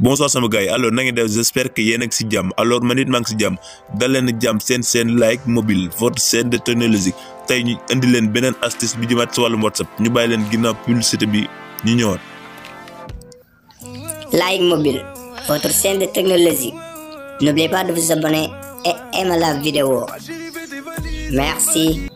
bonsoir sama gars yi alors na ngeen def j'espère que yéen a ngi si jàmm alors man it maa ngi si jàmm dal leen jàmm seen seen like mobile votre chaîne de technologie tey ñu indi leen beneen astuce bi jëmaat si wàllum whatsapp ñu bàyyi leen gi ginnaaw publicité bi ñu ñëwaat. like mobile votre chaîne de technologie n'oubliez pas de vous abonner et aimer la vidéo merci.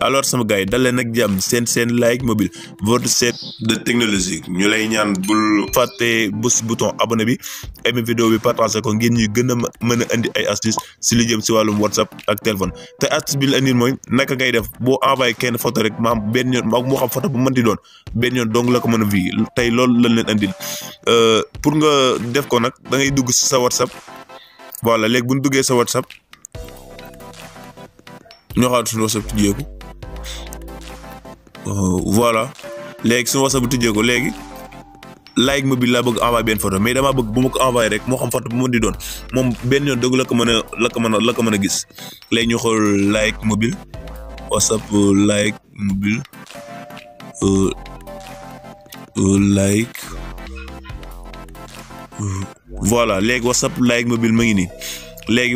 alors sama gars yi dalee nag jàmm seen seen like mobile votre chaîne de technologie ñu lay ñaan bul fàtte bés bouton abonné bi aimé vidéo bi partagé ko ngeen ñuy gën a mën a indi ay astuce si li jëm si wàllum whatsapp ak téléphone te astuce bi la mooy naka ngay def boo envoyé kenn photo rek maam benn yoon moo xam photo bu mënti doon benn yoon dong la ko mën a vi tey loolu lañ leen andil euh, pour nga def ko nag da ngay dugg si sa whatsapp voilà léegi bu ñu duggee sa whatsapp ñoo xaatu suñu whatsapp tijjeeku Euh, voilà léegi suma whatsapp bi tijjee ko léegi like ma bi laa bëgg envoyé benn photo mais dama bëgg bu ma ko envoyé rek moo xam photo bu ma di doon moom ben yoon dëgg la ko mën a la ko mën a la ko mën a gis léegi ñu xool like mobile whatsapp like mobile euh, euh, like voilà léegi whatsapp like mobile ma ngi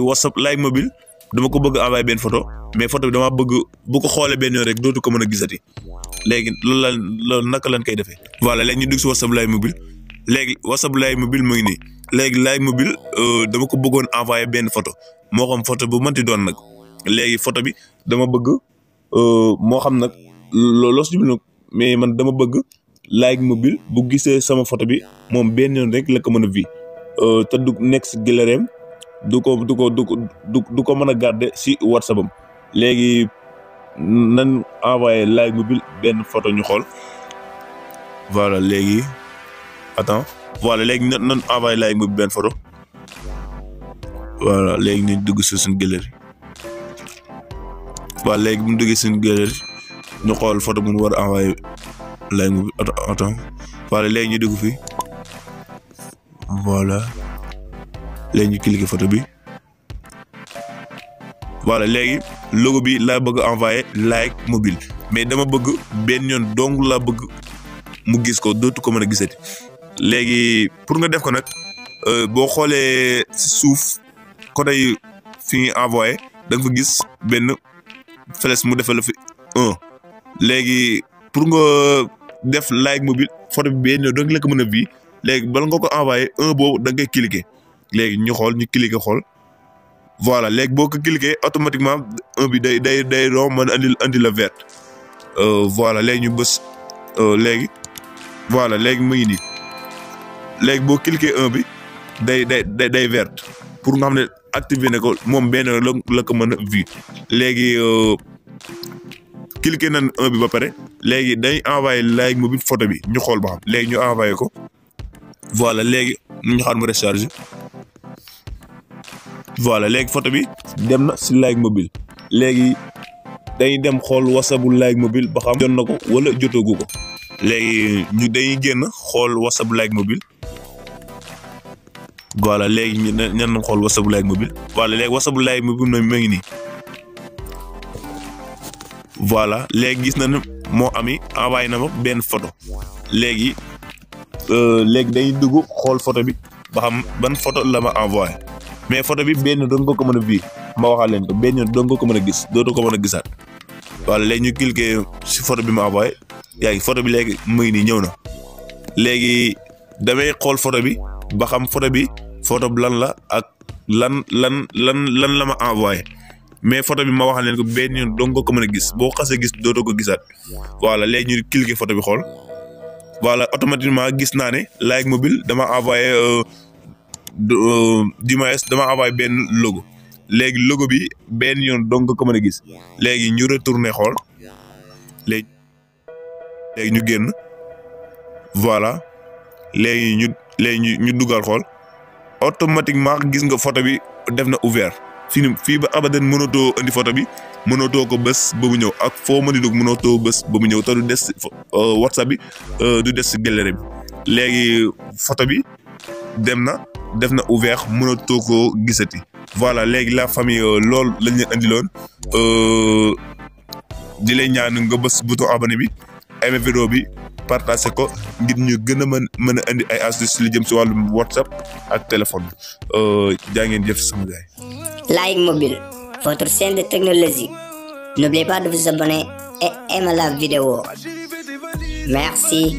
whatsapp like mobile dama ko bëgg envoyé benn photo mais photo bi dama bëgg bu ko xoolee benn yoon rek dootu ko mën a gisati léegi loolu la loolu naka lañ koy defee. voilà léegi ñu dugg si WhatsApp Live mobile léegi WhatsApp Live mobile mu ngi nii léegi Live mobile euh, dama ko bëggoon envoyé benn photo moo xam photo bu mënti doon nag léegi photo bi dama bëgg euh, moo xam nag looloo mais man dama bëgg Live mobile bu gisee sama photo bi moom benn yoon rek la ko mën a vi euh, te du nekk si gëlëreem du ko du ko du ko du ko mën a garder si whatsapp am léegi nan envoyé live mobile benn foto ñu xool voilà léegi attends voilà léegi nan nan envoyé live mobile benn foto voilà léegi ñu dugg si suñu galerie waaw léegi bu ñu duggee suñu galerie ñu xool photo bu ñu war a envoyé live mobile attends voilà léegi ñu dugg fi voilà. léegi ñu cliquer bi voilà léegi logo bi laa bëgg envoyé like mobile mais dama bëgg benn yoon dong laa bëgg mu gis ko dootu ko mën a gisati léegi pour nga def ko nag euh, boo xoolee si suuf côté yi fi ñuy envoyer da fa gis benn flèche mu defal la fi un léegi pour nga def like mobile photo bi benn yoon dong la ko mën a bii léegi bala nga ko envoyer un boobu da nga koy léegi ñu xool ñu cliquer xool voilà léegi boo ko cliquer automatiquement un bi day day day rom mën andi andi vert vert euh, voilà léegi ñu bës euh, léegi voilà léegi mu ngi nii léegi boo cliquer un bi day day day day vert pour nga xam ne activé ko moom benn la la ko mën a vu léegi euh, cliquer nañ un bi ba pare léegi day envoyé like mobile photo bi ñu xool ba xam léegi ñu envoyé ko voilà léegi ñu xaar mu recharge voilà léegi photo bi dem na si Like Mobile léegi dañuy dem xool whatsapp bu Like Mobile ba xam jot na ko walla jotagu ko léegi ñu dañuy génn xool whatsapp bu Like Mobile voilà léegi ñu xool whatsapp bu Like Mobile voilà léegi whatsapp bu ngi nii voilà léegi gis na ne moo ami envoyé na ma benn photo léegi. Euh, léegi dañuy dugg xool photo bi ba xam ban photo la ma envoyé mais photo bi benn doon nga ko mën a bii ma waxaat leen ko benn doon ko mën a gis dootu ko mën a gisaat wala léegi ñu cliquer si photo bi ma envoyé yaa photo bi léegi mu ngi ñëw na léegi damay xool photo bi ba xam photo bi lan la ak lan lan lan lan la ma envoyé mais foto bi ma waxal leen ko benn yoon dong ko mën a gis boo xasee gis dootoo ko gisaat wala léegi ñu cliquer photo bi xool voilà automatiquement gis naa ne Like Mobile dama envoyé euh, euh, du moins dama envoyé benn logo léegi logo bi benn yoon dong nga ko a gis léegi ñu retourné xool léegi léegi ñu génn voilà léegi ñu ñu dugal xool automatiquement gis nga photo bi def na ouvert fii fii ba abadan mënatoo indi photo bi mënatoo ko bés ba mu ñëw ak foo mën di dugg mënatoo bés ba mu ñëw te du des euh, whatsapp bi euh, du des si galerie bi léegi foto bi dem na def na ouvert mënatoo ko gisati voilà léegi la famille euh, lool lañ leen indiloon di lay ñaan nga bés bouton abonné bi aimé vidéo bi partagé ko ngir ñu gën a mën mën a indi ay astuces li jëm si wàllum whatsapp ak téléphone jaa ngeen jëf sama gaay Laye Mobile votre chaîne de technologie. N'oubliez pas de vous abonner vidéo. Merci.